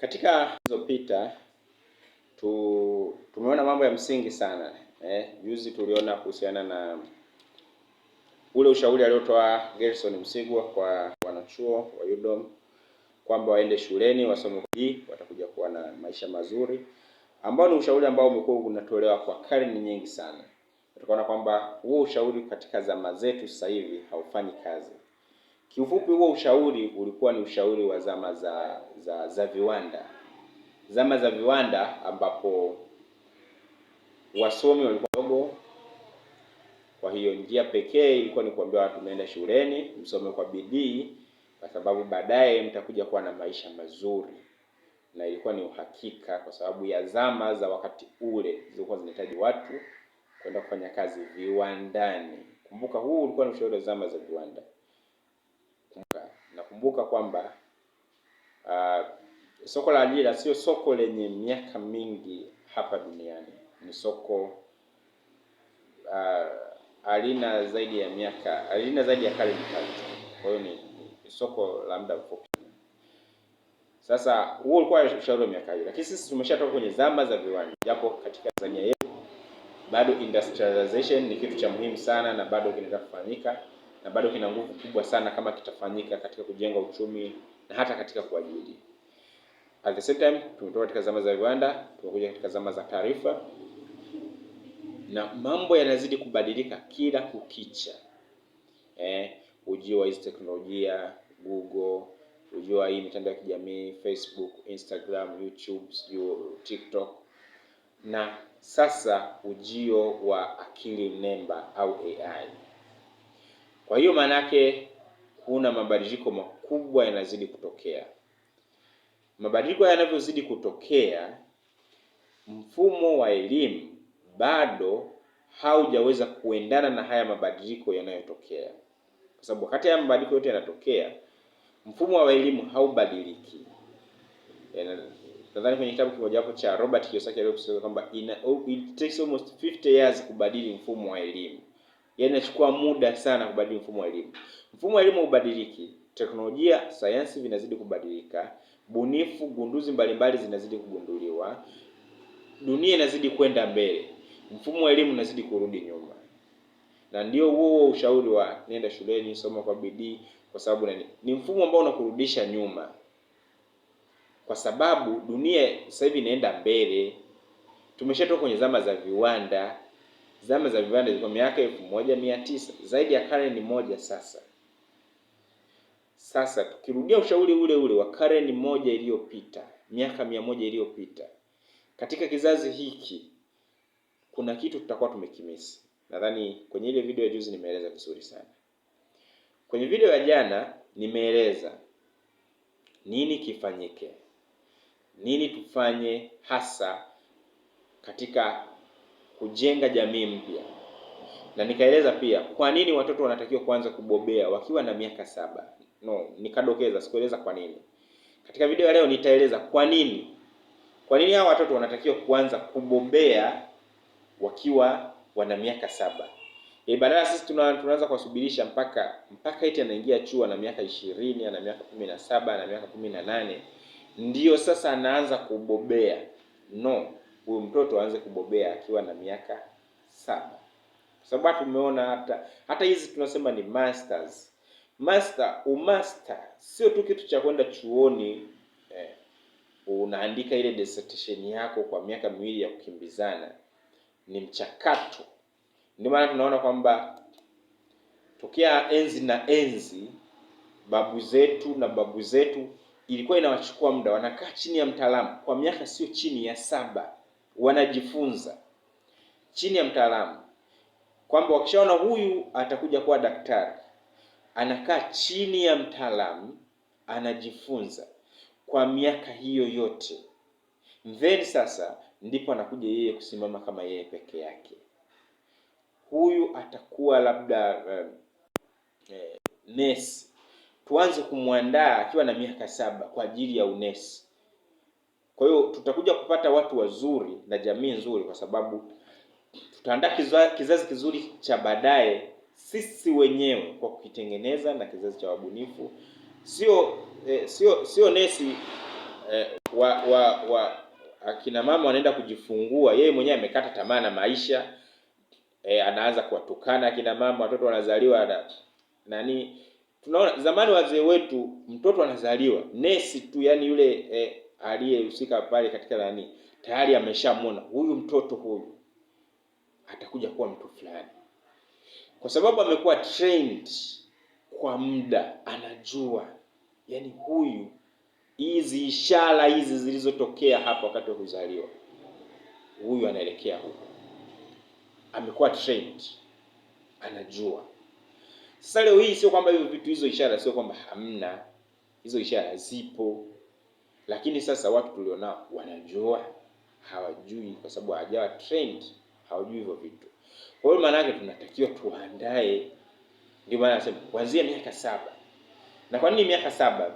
Katika zilizopita tu, tumeona mambo ya msingi sana eh. Juzi tuliona kuhusiana na ule ushauri aliotoa Gerson Msigwa kwa wanachuo wa UDOM kwamba waende shuleni wasome, watakuja kuwa na maisha mazuri, ambao ni ushauri ambao umekuwa unatolewa kwa karne nyingi sana. Tukaona kwamba huo ushauri katika zama zetu sasa hivi haufanyi kazi. Kiufupi, huo ushauri ulikuwa ni ushauri wa zama za za za viwanda, zama za viwanda ambapo wasomi walikuwa wadogo. Kwa hiyo njia pekee ilikuwa ni kuambia watu mnaenda shuleni msome kwa bidii, kwa sababu baadaye mtakuja kuwa na maisha mazuri, na ilikuwa ni uhakika, kwa sababu ya zama za wakati ule zilikuwa zinahitaji watu kwenda kufanya kazi viwandani. Kumbuka, huu ulikuwa ni ushauri wa zama za viwanda kumbuka kwamba uh, soko la ajira sio soko lenye miaka mingi hapa duniani, ni soko uh, alina zaidi ya miaka alina zaidi ya karne tatu. Kwa hiyo ni, ni soko la muda mfupi. Sasa huo ulikuwa ushauri wa miaka hiyo, lakini sisi tumeshatoka kwenye zama za viwanda, japo katika Tanzania yetu bado industrialization ni kitu cha muhimu sana na bado kinaweza kufanyika na bado kina nguvu kubwa sana kama kitafanyika katika kujenga uchumi na hata katika kuajiri. At the same time, tumetoka katika zama za viwanda, tumekuja katika zama za taarifa, na mambo yanazidi kubadilika kila kukicha. Eh, ujio wa hizi teknolojia Google, ujio wa hii mitandao ya kijamii Facebook, Instagram, YouTube, sijui TikTok na sasa ujio wa akili mnemba au AI. Kwa hiyo maana yake kuna mabadiliko makubwa yanazidi kutokea. Mabadiliko yanavyozidi kutokea, mfumo wa elimu bado haujaweza kuendana na haya mabadiliko yanayotokea, kwa sababu wakati haya mabadiliko yote yanatokea, mfumo wa elimu haubadiliki. Eh, nadhani kwenye kitabu kimojawapo cha Robert Kiyosaki aliyosema kwamba it takes almost 50 years kubadili mfumo wa elimu yanachukua yaani muda sana kubadili mfumo wa elimu. Mfumo wa elimu ubadiliki, teknolojia, sayansi vinazidi kubadilika, bunifu, gunduzi mbalimbali zinazidi kugunduliwa, dunia inazidi kwenda mbele, mfumo wa elimu unazidi kurudi nyuma. Na ndio huo ushauri wa nenda shuleni, soma kwa bidii, kwa sababu nani? Ni mfumo ambao unakurudisha nyuma, kwa sababu dunia sasa hivi inaenda mbele. Tumeshatoka kwenye zama za viwanda. Zama za vibanda zilikuwa miaka elfu moja mia tisa zaidi ya karne ni moja sasa. Sasa tukirudia ushauri ule ule wa karne moja iliyopita, miaka mia moja iliyopita, katika kizazi hiki kuna kitu tutakuwa tumekimisi. Nadhani kwenye ile video ya juzi nimeeleza vizuri sana. Kwenye video ya jana nimeeleza nini kifanyike, nini tufanye hasa katika kujenga jamii mpya. Na nikaeleza pia kwa nini watoto wanatakiwa kuanza kubobea wakiwa na miaka saba. No, nikadokeza, sikueleza kwa nini. Katika video ya leo nitaeleza kwa nini, kwa nini hao watoto wanatakiwa kuanza kubobea wakiwa wana miaka saba. E, badala sisi tunaanza kuwasubirisha mpaka mpaka eti anaingia chuo ana miaka ishirini ana miaka kumi na saba na miaka kumi na nane ndiyo sasa anaanza kubobea. No, huyu mtoto aanze kubobea akiwa na miaka saba, kwa sababu tumeona hata hata hizi tunasema ni masters. Master, umaster sio tu kitu cha kwenda chuoni eh, unaandika ile dissertation yako kwa miaka miwili ya kukimbizana. Ni mchakato. Ndio maana tunaona kwamba tokea enzi na enzi babu zetu na babu zetu ilikuwa inawachukua muda, wanakaa chini ya mtaalamu kwa miaka sio chini ya saba wanajifunza chini ya mtaalamu, kwamba wakishaona huyu atakuja kuwa daktari, anakaa chini ya mtaalamu, anajifunza kwa miaka hiyo yote, then sasa ndipo anakuja yeye kusimama kama yeye peke yake. Huyu atakuwa labda um, eh, nesi, tuanze kumwandaa akiwa na miaka saba kwa ajili ya unesi kwa hiyo tutakuja kupata watu wazuri na jamii nzuri, kwa sababu tutaandaa kizazi kizuri cha baadaye sisi wenyewe kwa kukitengeneza, na kizazi cha wabunifu, sio eh, sio sio nesi eh, wa, wa, wa akina mama wanaenda kujifungua, yeye mwenyewe amekata tamaa na maisha e, anaanza kuwatukana akina mama, watoto wanazaliwa na, nani tunaona zamani wazee wetu, mtoto anazaliwa nesi tu, yani yule e, aliyehusika pale katika nani, tayari ameshamwona huyu mtoto huyu atakuja kuwa mtu fulani, kwa sababu amekuwa trained kwa muda, anajua yani huyu, hizi ishara hizi zilizotokea hapa wakati wa kuzaliwa, huyu anaelekea huko, amekuwa trained, anajua. Sasa leo hii sio kwamba hivyo vitu, hizo ishara sio kwamba hamna, hizo ishara zipo lakini sasa watu tulionao wanajua, hawajui kwa sababu hawajawa trained, hawajui hivyo vitu. Kwa hiyo maana yake tunatakiwa tuandae, ndio maana nasema kuanzia miaka saba. Na kwa nini miaka saba?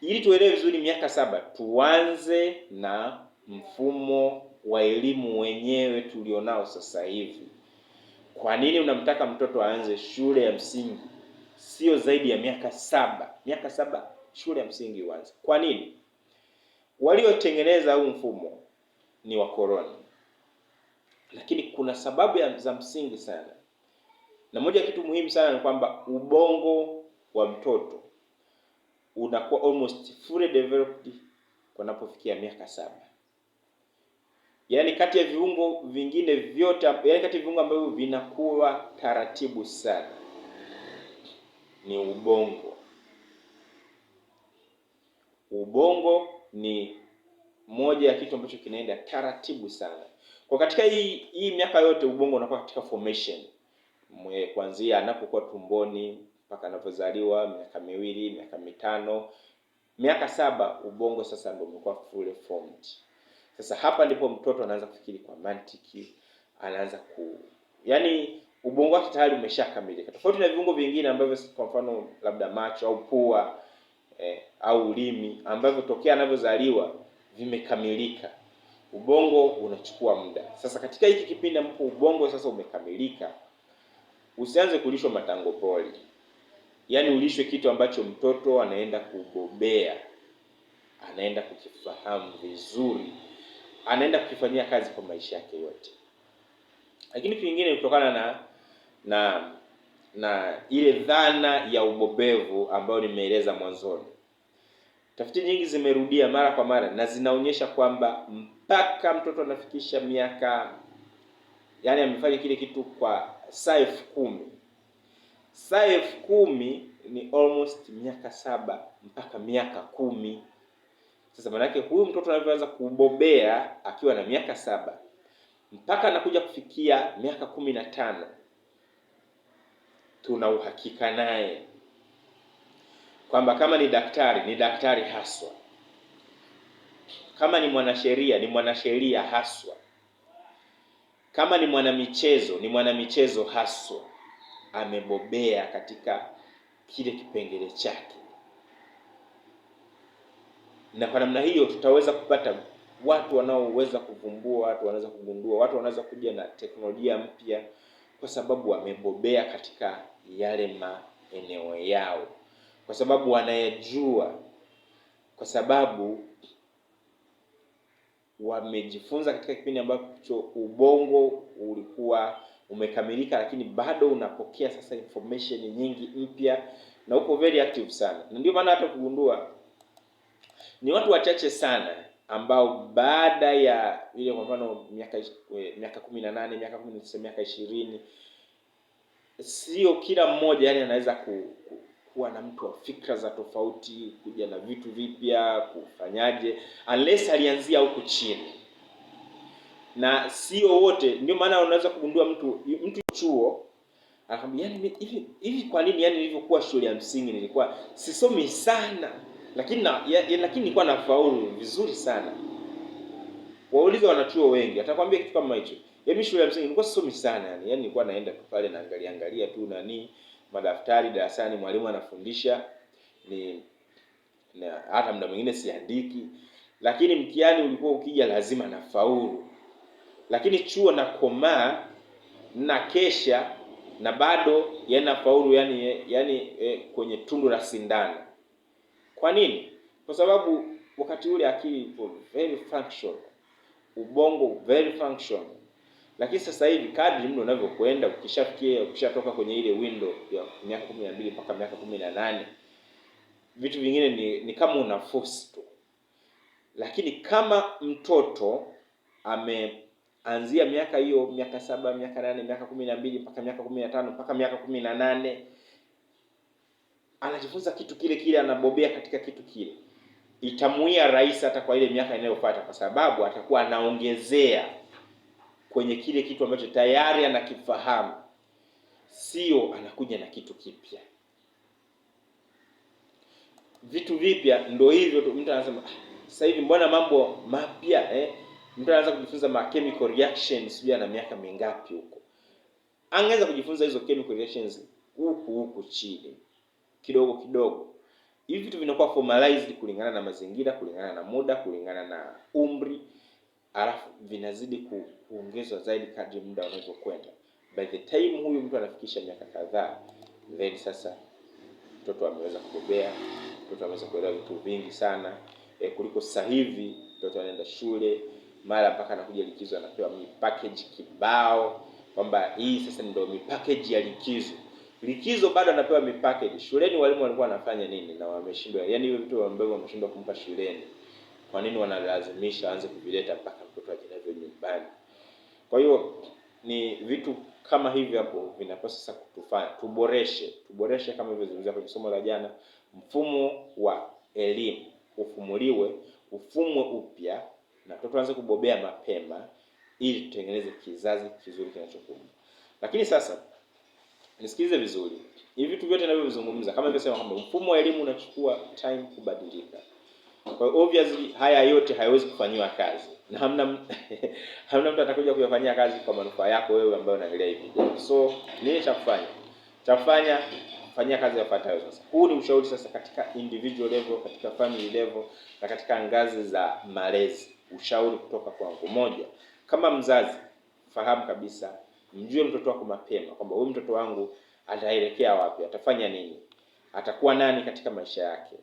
Ili tuelewe vizuri miaka saba, tuanze na mfumo wa elimu wenyewe tulionao sasa hivi. Kwa nini unamtaka mtoto aanze shule ya msingi sio zaidi ya miaka saba? Miaka saba shule ya msingi uanze. Kwa nini? Waliotengeneza huu mfumo ni wakoloni, lakini kuna sababu ya za msingi sana, na moja ya kitu muhimu sana ni kwamba ubongo wa mtoto unakuwa almost fully developed wanapofikia miaka saba, yaani kati ya viungo vingine vyote, yaani kati ya viungo ambavyo vinakuwa taratibu sana ni ubongo ubongo ni moja ya kitu ambacho kinaenda taratibu sana. Kwa katika hii hii miaka yote ubongo unakuwa katika formation mwe, kuanzia anapokuwa tumboni mpaka anapozaliwa, miaka miwili, miaka mitano, miaka saba, ubongo sasa ndio umekuwa fully formed. Sasa hapa ndipo mtoto anaanza kufikiri kwa mantiki, anaanza ku yaani ubongo wake tayari umeshakamilika, tofauti na viungo vingine ambavyo kwa mfano labda macho au pua eh, au ulimi ambavyo tokea anavyozaliwa vimekamilika. Ubongo unachukua muda. Sasa katika hiki kipindi ambapo ubongo sasa umekamilika, usianze kulishwa matango poli yaani ulishwe kitu ambacho mtoto anaenda kubobea, anaenda kukifahamu vizuri, anaenda kukifanyia kazi kwa maisha yake yote. Lakini kingine kutokana na na na ile dhana ya ubobevu ambayo nimeeleza mwanzoni. Tafiti nyingi zimerudia mara kwa mara na zinaonyesha kwamba mpaka mtoto anafikisha miaka, yani amefanya kile kitu kwa saa elfu kumi saa elfu kumi ni almost miaka saba mpaka miaka kumi. Sasa maanake huyu mtoto anavyoanza kubobea akiwa na miaka saba mpaka anakuja kufikia miaka kumi na tano tuna uhakika naye kwamba kama ni daktari ni daktari haswa, kama ni mwanasheria ni mwanasheria haswa, kama ni mwanamichezo ni mwanamichezo haswa. Amebobea katika kile kipengele chake, na kwa namna hiyo tutaweza kupata watu wanaoweza kuvumbua, watu wanaweza kugundua, watu wanaweza kuja na teknolojia mpya, kwa sababu wamebobea katika yale maeneo yao, kwa sababu wanayajua, kwa sababu wamejifunza katika kipindi ambacho ubongo ulikuwa umekamilika, lakini bado unapokea sasa information nyingi mpya na uko very active sana, na ndio maana hata kugundua ni watu wachache sana ambao baada ya ile kwa mfano miaka miaka kumi na nane miaka kumi na tisa miaka ishirini sio kila mmoja yani anaweza ku, ku, kuwa na mtu wa fikra za tofauti, kuja na vitu vipya, kufanyaje, unless alianzia huku chini na sio wote. Ndio maana unaweza kugundua mtu mtu chuo akamwambia yani hivi hivi, kwa nini yani nilivyokuwa shule ya msingi nilikuwa sisomi sana, lakini na, ya, ya, lakini nilikuwa nafaulu vizuri sana. Waulize wanachuo wengi, atakwambia kitu kama hicho. Yaani shule ya msingi nilikuwa sisomi sana yani. Yaani nilikuwa naenda tu pale naangalia angalia tu nani madaftari darasani, mwalimu anafundisha ni na hata muda mwingine siandiki, lakini mtihani ulikuwa ukija lazima nafaulu. Lakini chuo na koma na kesha na bado yana yaani faulu yani, yani e, kwenye tundu la sindano. Kwa nini? Kwa sababu wakati ule akili ipo very functional, ubongo very functional. Lakini sasa hivi kadri mtu unavyokwenda, ukishafikia ukishatoka kwenye ile window ya miaka 12 mpaka miaka 18 vitu vingine ni, ni kama una force tu, lakini kama mtoto ameanzia miaka hiyo miaka saba miaka nane miaka 12 mbili mpaka miaka 15 mpaka miaka kumi na nane anajifunza kitu kile kile, anabobea katika kitu kile, itamuia rahisi hata kwa ile miaka inayofuata, kwa sababu atakuwa anaongezea kwenye kile kitu ambacho tayari anakifahamu, sio anakuja na kitu kipya. Vitu vipya ndo hivyo tu, mtu anasema ah, sasa hivi mbona mambo mapya eh? Mtu anaanza kujifunza ma chemical reactions, sijui ana miaka mingapi huko, angeweza kujifunza hizo chemical reactions huku huku chini kidogo kidogo. Hivi vitu vinakuwa formalized kulingana na mazingira, kulingana na muda, kulingana na umri alafu vinazidi kuongezwa zaidi kadri muda unavyokwenda. By the time huyu mtu anafikisha miaka kadhaa, then sasa mtoto ameweza kubobea, mtoto ameweza kuelewa vitu vingi sana e, kuliko sasa hivi mtoto anaenda shule mara mpaka anakuja likizo anapewa mi kibao, kwamba hii sasa ndio mi ya likizo. Likizo bado anapewa mi Shuleni walimu walikuwa wanafanya nini na wameshindwa? Yaani hiyo mtu ambaye wameshindwa kumpa shuleni kwa nini wanalazimisha aanze kuvileta mpaka mtoto ajinavyo nyumbani? Kwa hiyo ni vitu kama hivyo hapo vinapaswa sasa kutufanya tuboreshe, tuboreshe kama ilivyozungumzia kwenye somo la jana, mfumo wa elimu ufumuliwe, ufumwe upya na mtoto aanze kubobea mapema, ili tutengeneze kizazi kizuri kinachokuja. Lakini sasa nisikilize vizuri, hivi vitu vyote ninavyozungumza, kama nilivyosema kwamba mfumo wa elimu unachukua time kubadilika. Kwa hiyo obviously haya yote hayawezi kufanyiwa kazi na hamna hamna mtu atakuja kuyafanyia kazi kwa manufaa yako wewe ambayo unaendelea hivi. So nini cha kufanya? Cha kufanya fanyia kazi yafuatayo. Sasa huu ni ushauri sasa katika individual level, katika family level na katika ngazi za malezi. Ushauri kutoka kwangu, moja, kama mzazi fahamu kabisa, mjue mtoto wako mapema kwamba huyu mtoto wangu ataelekea wapi, atafanya nini, atakuwa nani katika maisha yake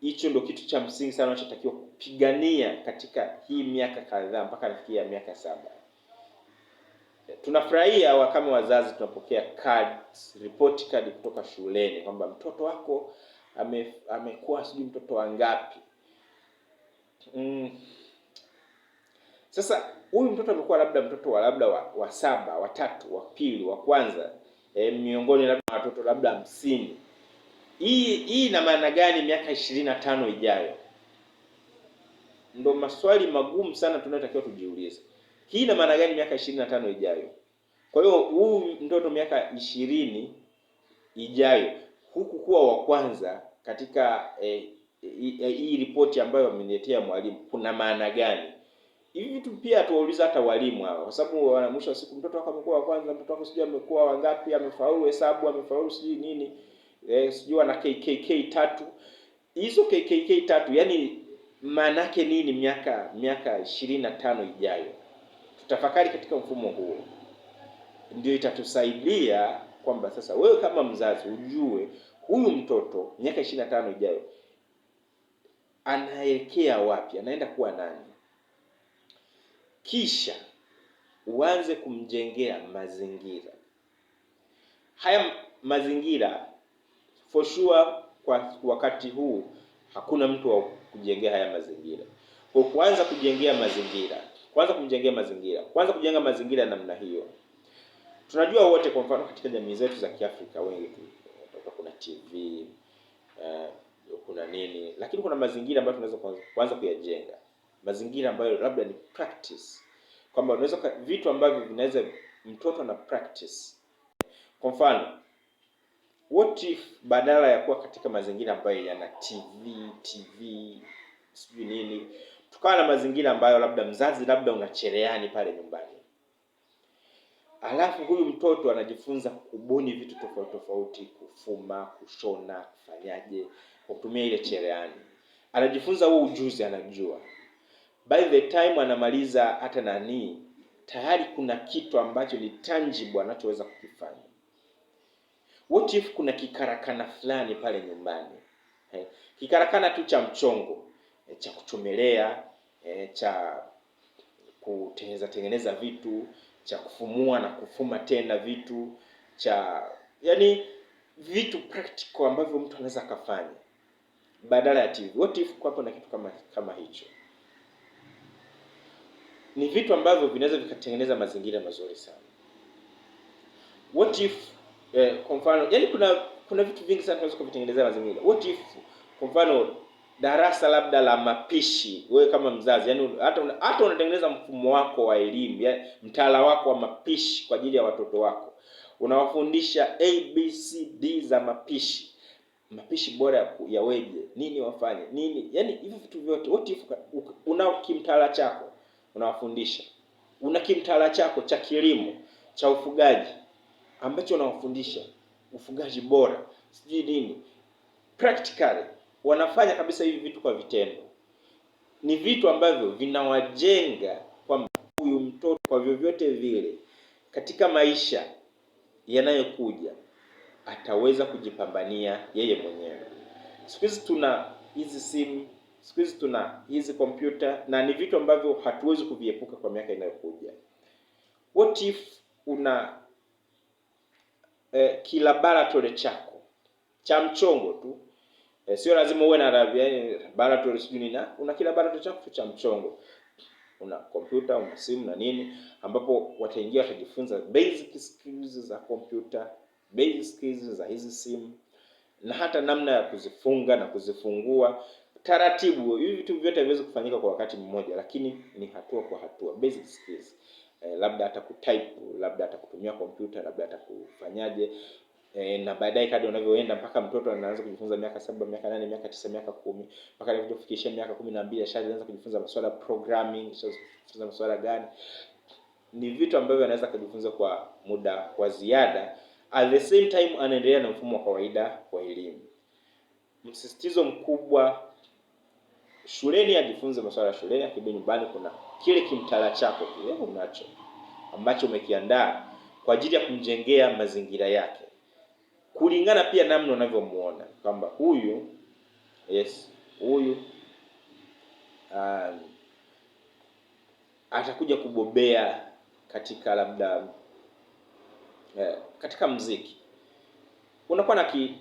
hicho ndo kitu cha msingi sana unachotakiwa kupigania katika hii miaka kadhaa mpaka nafikia miaka saba. Tunafurahia kama wazazi tunapokea cards, report card kutoka shuleni kwamba mtoto wako ame, amekuwa sijui mtoto wangapi. Mm. Sasa huyu mtoto amekuwa labda mtoto wa labda wa, wa saba, wa tatu, wa pili, wa kwanza, e, miongoni labda watoto labda hamsini hii hii ina maana gani miaka ishirini na tano ijayo? Ndo maswali magumu sana tunayotakiwa tujiulize. Hii ina maana gani miaka ishirini na tano ijayo? Kwa hiyo huu mtoto miaka ishirini ijayo huku kuwa wa kwanza katika eh, eh hii ripoti ambayo wameniletea mwalimu kuna maana gani? Hivi vitu pia tuwauliza hata walimu hawa, kwa sababu wana mwisho wa siku, mtoto wako amekuwa wa kwanza, mtoto wako sijui amekuwa wangapi, amefaulu hesabu, amefaulu sijui nini eh, sijui wana KKK tatu. Hizo KKK tatu yani maana yake nini? Miaka miaka ishirini na tano ijayo tutafakari katika mfumo huo, ndio itatusaidia kwamba sasa wewe kama mzazi ujue huyu mtoto miaka ishirini na tano ijayo anaelekea wapi, anaenda kuwa nani, kisha uanze kumjengea mazingira haya mazingira for sure kwa wakati huu hakuna mtu wa kujengea haya mazingira. Kwa kuanza kujengea mazingira, kwanza kumjengea mazingira, kwanza kujenga mazingira namna hiyo. Tunajua wote, kwa mfano katika jamii zetu za Kiafrika, wengi kuna TV eh, kuna nini, lakini kuna mazingira ambayo tunaweza kuanza kuyajenga, mazingira ambayo labda ni practice, kwamba unaweza vitu ambavyo vinaweza mtoto na practice, kwa mfano What if badala ya kuwa katika mazingira ambayo yana TV TV sijui nini, tukawa na mazingira ambayo labda mzazi, labda una pale nyumbani, alafu huyu mtoto anajifunza kubuni vitu tofauti tofauti, kufuma, kushona, kufanyaje kwa kutumia ile cherehani. Anajifunza huo ujuzi, anajua by the time anamaliza hata nanii, tayari kuna kitu ambacho ni tangible anachoweza kukifanya. What if kuna kikarakana fulani pale nyumbani eh, kikarakana tu cha mchongo eh, cha kuchomelea eh, cha kutengeneza tengeneza vitu cha kufumua na kufuma tena vitu cha yani vitu practical ambavyo mtu anaweza akafanya badala ya TV. What if kwapo na kitu kama kama hicho? Ni vitu ambavyo vinaweza vikatengeneza mazingira mazuri sana. What if eh, kwa mfano yani, kuna kuna vitu vingi sana tunaweza kuvitengenezea mazingira. What if kwa mfano darasa labda la mapishi, wewe kama mzazi yani, hata hata unatengeneza mfumo wako wa elimu yani, mtaala wako wa mapishi kwa ajili ya watoto wako, unawafundisha ABCD za mapishi, mapishi bora ya nini wafanye nini, yani hivyo vitu vyote. What if una kimtaala chako unawafundisha, una kimtaala chako cha kilimo, cha ufugaji ambacho nawafundisha ufugaji bora, sijui nini, practically wanafanya kabisa hivi vitu kwa vitendo. Ni vitu ambavyo vinawajenga kwa huyu mtoto kwa vyovyote vile katika maisha yanayokuja ataweza kujipambania yeye mwenyewe. Siku hizi tuna hizi simu, siku hizi tuna hizi kompyuta, na ni vitu ambavyo hatuwezi kuviepuka kwa miaka inayokuja. What if una eh, kilaboratory chako cha mchongo tu eh, sio lazima uwe na laboratory sijui nini, una kilaboratory chako tu cha mchongo, una kompyuta una simu na nini, ambapo wataingia watajifunza basic skills za kompyuta, basic skills za hizi simu na hata namna ya kuzifunga na kuzifungua taratibu. Hivi vitu vyote haviwezi kufanyika kwa wakati mmoja, lakini ni hatua kwa hatua, basic skills eh, labda hata kutype, labda hata kutumia kompyuta, labda hata kufanyaje eh, na baadaye kadri unavyoenda mpaka mtoto anaanza kujifunza miaka saba, miaka nane, miaka tisa, miaka kumi, mpaka anakuja kufikisha miaka kumi na mbili ashaanza kujifunza masuala programming, kujifunza masuala gani, ni vitu ambavyo anaweza kujifunza kwa muda wa ziada, at the same time anaendelea na mfumo wa kawaida wa elimu. Msisitizo mkubwa shuleni ajifunze masuala ya shuleni, akirudi nyumbani kuna kile kimtala chako kile unacho ambacho umekiandaa kwa ajili ya kumjengea mazingira yake, kulingana pia namna unavyomuona kwamba huyu yes, huyu um, atakuja kubobea katika labda eh, katika mziki unakuwa na ki,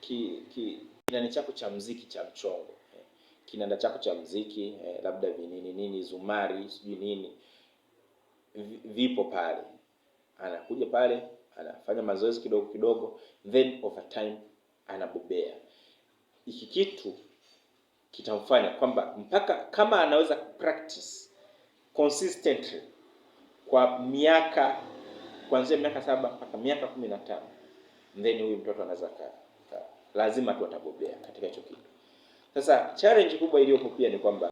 ki, ki, kinani chako cha mziki cha mchongo kinanda chako cha mziki eh, labda vinini nini zumari sijui nini vipo pale, anakuja pale anafanya mazoezi kidogo kidogo, then over time anabobea. Hiki kitu kitamfanya kwamba mpaka kama anaweza practice consistently kwa miaka kuanzia miaka saba mpaka miaka kumi na tano then huyu mtoto anaweza lazima tu atabobea katika hicho kitu. Sasa challenge kubwa iliyopo pia ni kwamba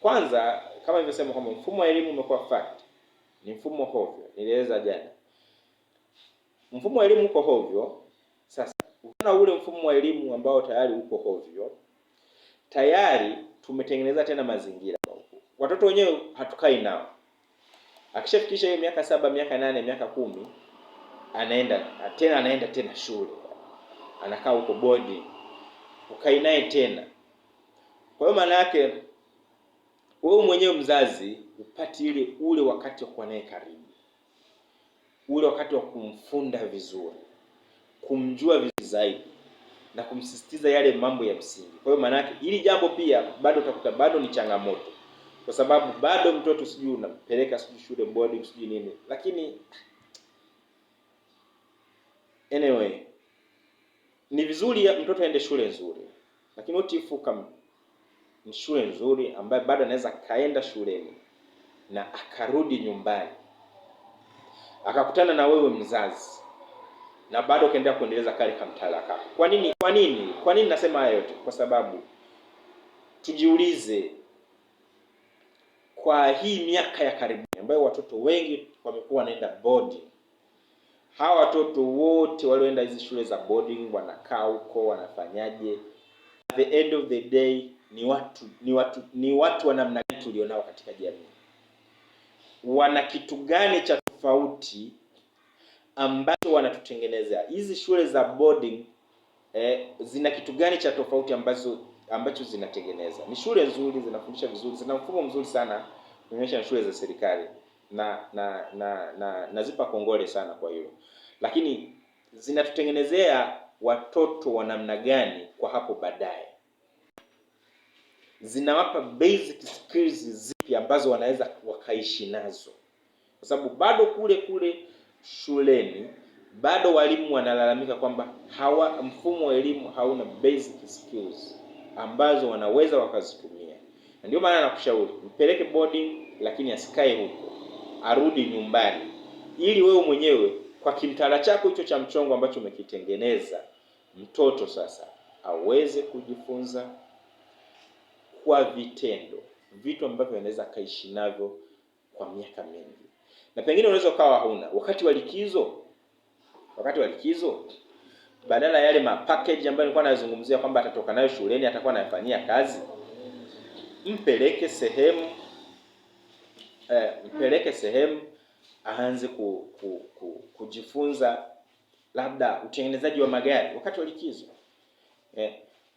kwanza, kama nilivyosema kwamba mfumo wa elimu umekuwa fact, ni mfumo hovyo. Nilieleza jana mfumo wa elimu uko hovyo. Sasa ukiona ule mfumo wa elimu ambao tayari uko hovyo, tayari tumetengeneza tena mazingira, watoto wenyewe hatukai nao. Akishafikisha hiyo miaka saba, miaka nane, miaka kumi, anaenda tena anaenda tena shule anakaa huko bodi, ukai naye tena. Kwa hiyo maana yake wewe mwenyewe mzazi upati ile ule wakati wa kuwa naye karibu, ule wakati wa kumfunda vizuri, kumjua vizuri zaidi na kumsisitiza yale mambo ya msingi. Kwa hiyo maana yake ili jambo pia bado utakuta bado ni changamoto, kwa sababu bado mtoto sijui unampeleka sijui shule boarding sijui nini, lakini anyway ni vizuri mtoto aende shule nzuri, lakini utifu kama ni shule nzuri ambaye bado anaweza kaenda shuleni na akarudi nyumbani akakutana na wewe mzazi na bado ukaendelea kuendeleza kale kamtaala kako. Kwa nini? Kwa nini? Kwa nini nasema haya yote? Kwa sababu tujiulize, kwa hii miaka ya karibuni ambayo watoto wengi wamekuwa wanaenda bodi hawa watoto wote walioenda hizi shule za boarding wanakaa huko, wanafanyaje? At the end of the day ni watu ni watu ni watu wa namna gani tulionao katika jamii? Wana kitu gani cha tofauti ambacho wanatutengenezea hizi shule za boarding eh? Zina kitu gani cha tofauti ambazo ambacho zinatengeneza? Ni shule nzuri, zinafundisha vizuri, zina mfumo mzuri sana kuonyesha shule za serikali na na na na nazipa kongole sana kwa hilo, lakini zinatutengenezea watoto wa namna gani kwa hapo baadaye? Zinawapa basic skills zipi ambazo wanaweza wakaishi nazo, kwa sababu bado kule kule shuleni bado walimu wanalalamika kwamba hawa mfumo wa elimu hauna basic skills ambazo wanaweza wakazitumia. Ndio maana nakushauri mpeleke boarding, lakini asikae huko arudi nyumbani, ili wewe mwenyewe kwa kimtala chako hicho cha mchongo ambacho umekitengeneza, mtoto sasa aweze kujifunza kwa vitendo vitu ambavyo anaweza akaishi navyo kwa miaka mingi, na pengine unaweza ukawa huna wakati wa likizo. Wakati wa likizo, badala ya yale mapackage ambayo nilikuwa nazungumzia kwamba atatoka nayo shuleni, atakuwa anayafanyia kazi, mpeleke sehemu eh, mpeleke sehemu aanze ku, ku, ku, kujifunza labda utengenezaji wa magari wakati wa likizo eh.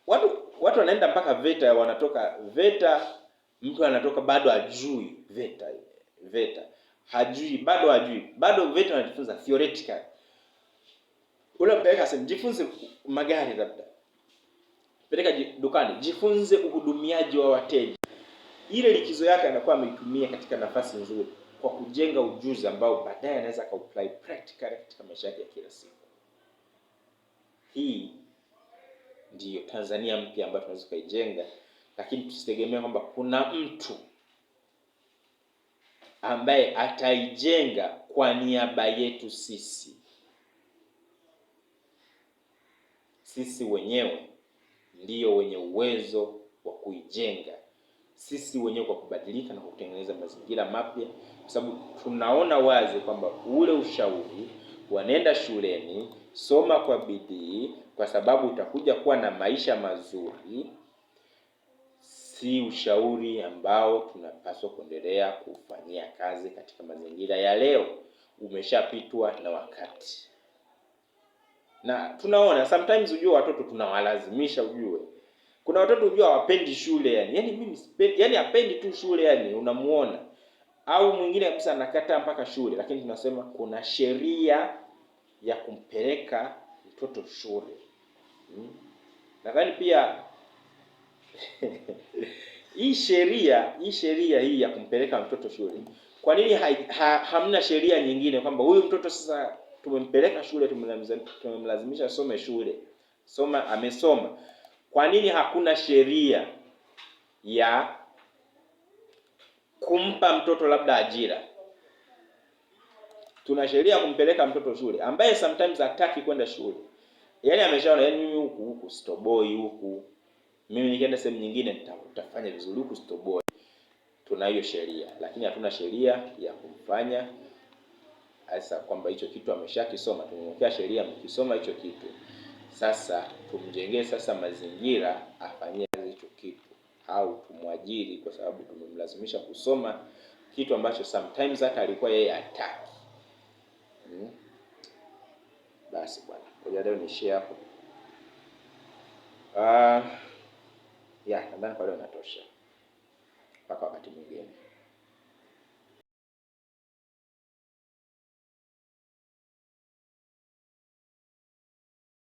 Watu watu wanaenda mpaka VETA, wanatoka VETA, mtu anatoka bado ajui VETA VETA hajui bado hajui bado VETA anajifunza theoretical. Ule mpeleka sehemu jifunze magari, labda peleka dukani, jifunze uhudumiaji wa wateja ile likizo yake anakuwa ameitumia katika nafasi nzuri kwa kujenga ujuzi ambao baadaye anaweza akauapply practically katika maisha yake ya kila siku. Hii ndiyo Tanzania mpya ambayo tunaweza tukaijenga, lakini tusitegemea kwamba kuna mtu ambaye ataijenga kwa niaba yetu sisi. Sisi wenyewe ndiyo wenye uwezo wa kuijenga sisi wenyewe kwa kubadilika na kutengeneza mazingira mapya, kwa sababu tunaona wazi kwamba ule ushauri wanaenda shuleni, soma kwa bidii, kwa sababu utakuja kuwa na maisha mazuri, si ushauri ambao tunapaswa kuendelea kufanyia kazi katika mazingira ya leo. Umeshapitwa na wakati, na tunaona sometimes, ujue watoto tunawalazimisha, ujue kuna watoto hujua hawapendi shule yani. yani mimi sipendi, yani hapendi tu shule yani unamuona. Au mwingine kabisa anakataa mpaka shule, lakini tunasema kuna sheria ya kumpeleka mtoto shule. Hmm. Nadhani pia hii sheria hii sheria hii ya kumpeleka mtoto shule, kwa nini ha, ha, hamna sheria nyingine kwamba huyu mtoto sasa tumempeleka shule, tumemlazimisha some shule, soma amesoma kwa nini hakuna sheria ya kumpa mtoto labda ajira? Tuna sheria kumpeleka mtoto shule ambaye sometimes hataki kwenda shule, yaani ameshaona, yaani mimi huku huku sitoboi huku, mimi nikienda sehemu nyingine nitafanya vizuri, huku sitoboi. Tuna hiyo sheria, lakini hatuna sheria ya kumfanya sasa kwamba hicho kitu ameshakisoma. Tumemwekea sheria, mkisoma hicho kitu sasa tumjengee sasa mazingira afanyie kazi hicho kitu, au tumwajiri, kwa sababu tumemlazimisha kusoma kitu ambacho sometimes hata alikuwa yeye hataki. Hmm. Basi bwana, ngoja leo niishie hapo. Uh, ya nadhani kwa leo natosha, mpaka wakati mwingine.